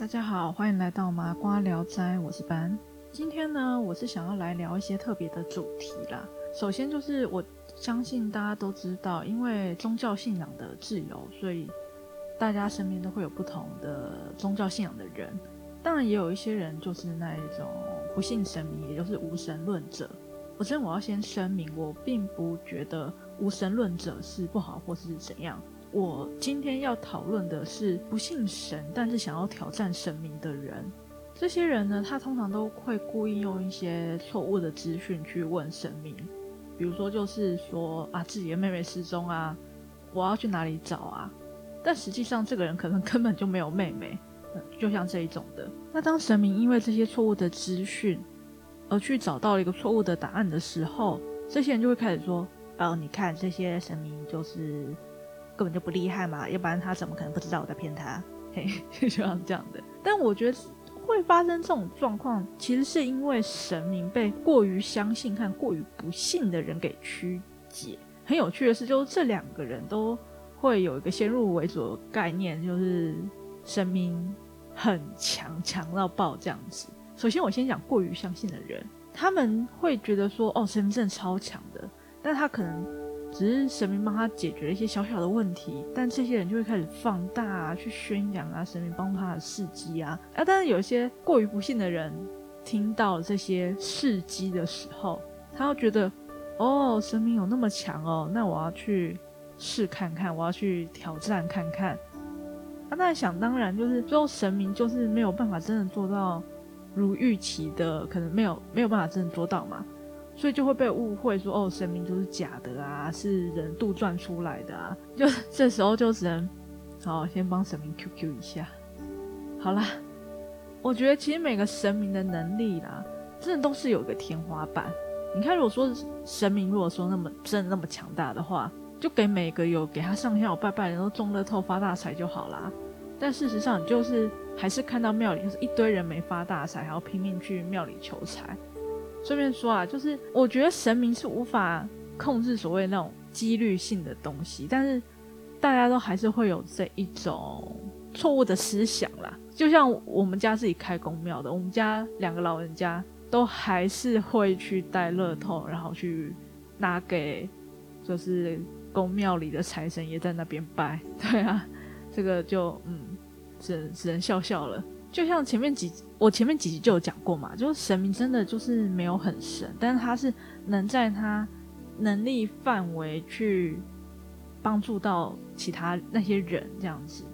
大家好，歡迎來到《麻瓜聊齋》，我是班。今天呢，我是想要來聊一些特別的主題啦。首先就是，我相信大家都知道，因為宗教信仰的自由，所以大家身邊都會有不同的宗教信仰的人。當然，也有一些人就是那一種不信神明，也就是無神論者。首先，我要先聲明，我並不覺得無神論者是不好或是怎樣。我今天要討論的是不信神，但是想要挑戰神明的人。這些人呢，他通常都會故意用一些錯誤的資訊去問神明，比如說就是說啊，自己的妹妹失蹤啊，我要去哪裡找啊？但實際上，這個人可能根本就沒有妹妹，嗯，就像這一種的。那當神明因為這些錯誤的資訊而去找到了一個錯誤的答案的時候，這些人就會開始說：啊，呃，你看這些神明就是。根本就不厲害嘛，要不然他怎麼可能不知道我在騙他？嘿，就像這樣的，但我覺得會發生這種狀況，其實是因為神明被過於相信和過於不信的人給曲解。很有趣的是，就是這兩個人都會有一個先入為主的概念，就是神明很強，強到爆這樣子。首先，我先講過於相信的人，他們會覺得說，哦，神明真的超強的，但他可能。只是神明幫他解決了一些小小的問題，但這些人就會開始放大、啊、去宣揚啊，神明幫他的事蹟啊啊！但是有一些過於不幸的人，聽到這些事蹟的時候，他會覺得，哦，神明有那麼強哦？喔，那我要去試看看，我要去挑戰看看。那、啊、想當然就是，最後神明就是沒有辦法真的做到如預期的，可能沒有沒有辦法真的做到嘛。所以就會被誤會說哦，神明就是假的啊，是人杜撰出來的啊。就這時候就只能，好先幫神明 Q Q 一下。好啦，我覺得其實每個神明的能力啦，真的都是有一個天花板。你看，如果說神明如果說那麼真的那麼強大的話，就給每個有給他上香，有拜拜，然後中樂透發大財就好啦。但事實上，你就是還是看到廟裡就是一堆人沒發大財，還要拼命去廟裡求財。順便說啊，就是我覺得神明是無法控制所謂那種幾率性的東西，但是大家都還是會有這一種錯誤的思想啦。就像我們家自己開宮廟的，我們家兩個老人家都還是會去帶樂透，然後去拿給就是宮廟裡的財神爺在那邊拜。對啊，這個就嗯，只能只能笑笑了。就像前面幾集，我前面幾集就有講過嘛，就是神明真的就是沒有很神，但是他是能在他能力範圍去幫助到其他那些人這樣子。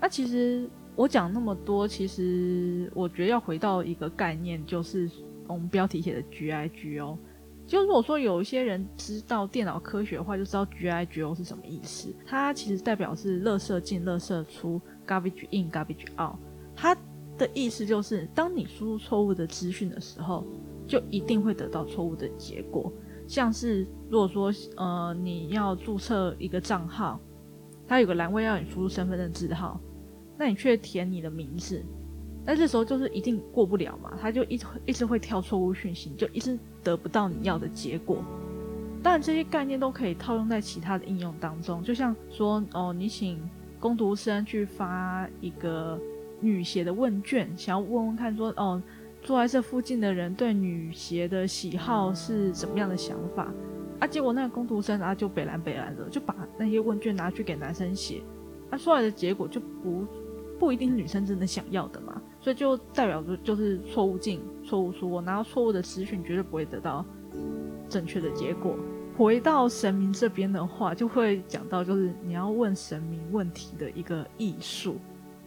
那、啊、其實我講那麼多，其實我覺得要回到一個概念，就是我們標題寫的 GIGO。就是，如果說有一些人知道電腦科學的話，就知道 GIGO 是什麼意思。它其實代表是“垃圾進，垃圾出 ”（Garbage In, Garbage Out）。它的意思就是，當你輸入錯誤的資訊的時候，就一定會得到錯誤的結果。像是如果說，呃，你要註冊一個賬號，它有個欄位要你輸入身份證字號，那你卻填你的名字，那這時候就是一定過不了嘛。它就一直一直會跳錯誤訊息，就一直得不到你要的結果。當然，這些概念都可以套用在其他的應用當中，就像說，哦，你請工讀生去發一個。女鞋的問卷，想要問問看說，說哦，住在這附近的人對女鞋的喜好是什麼樣的想法？啊，結果那個工讀生啊，就北蘭北蘭的，就把那些問卷拿去給男生寫，他、啊、出來的結果就不不一定是女生真的想要的嘛，所以就代表着就是錯誤進，錯誤出，我拿到錯誤的資訊絕對不會得到正確的結果。回到神明這邊的話，就會講到就是你要問神明問題的一個藝術。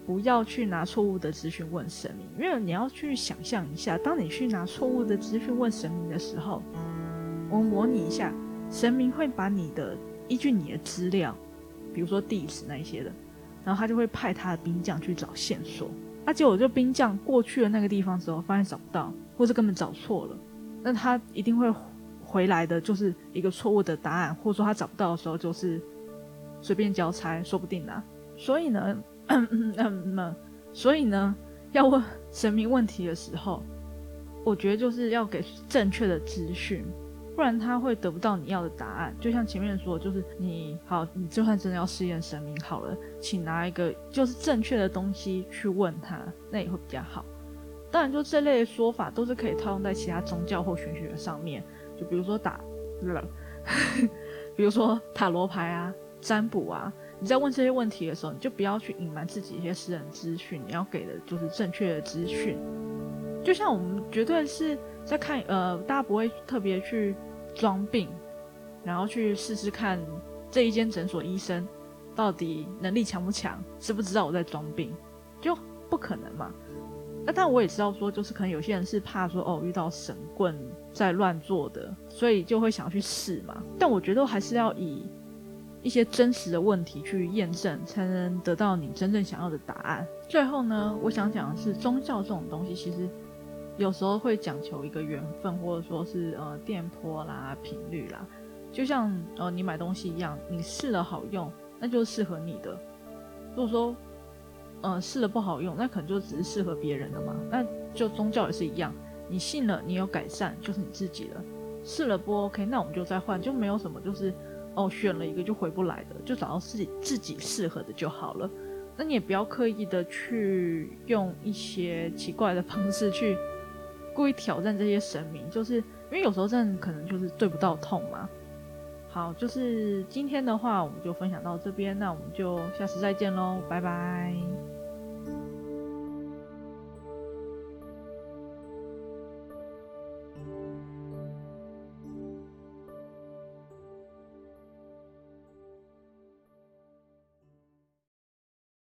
不要去拿錯誤的資訊問神明，因為你要去想象一下，當你去拿錯誤的資訊問神明的時候，我們模擬一下，神明會把你的依據你的資料，比如說地址那一些的，然後他就會派他的兵將去找線索。他、啊、結果就兵將過去了那個地方之後，發現找不到，或是根本找錯了，那他一定會回來的，就是一個錯誤的答案，或者說他找不到的時候，就是隨便交差，說不定呢、啊。所以呢。嗯嗯嗯，嗯，嗯，嗯，所以呢，要問神明問題的時候，我覺得就是要給正確的資訊，不然他會得不到你要的答案。就像前面說，就是你好，你就算真的要試驗神明好了，請拿一個就是正確的東西去問他，那也會比較好。當然，就這類的說法都是可以套用在其他宗教或玄學上面，就比如說打，對吧，比如說塔羅牌啊、占卜啊。你在問這些問題的時候，你就不要去隱瞞自己一些私人資訊，你要給的就是正確的資訊。就像我們絕對是在看，呃，大家不會特別去裝病，然後去試試看這一間診所醫生到底能力強不強，知不知道我在裝病，就不可能嘛。那但我也知道說，就是可能有些人是怕說哦遇到神棍在亂做的，所以就會想去試嘛。但我覺得還是要以。一些真實的問題去驗證，才能得到你真正想要的答案。最後呢，我想講的是宗教這種東西，其實有時候會講求一個緣分，或者說是呃電波啦、頻率啦，就像呃你買東西一樣，你試了好用，那就是適合你的；如果說呃試了不好用，那可能就只是適合別人的嘛。那就宗教也是一樣，你信了你有改善，就是你自己了；試了不 OK，那我們就再換，就沒有什麼就是。哦，選了一個就回不來的，就找到自己自己適合的就好了。那你也不要刻意的去用一些奇怪的方式去故意挑戰這些神明，就是因為有時候真的可能就是對不到痛嘛。好，就是今天的話，我們就分享到這邊，那我們就下次再見嘍，拜拜。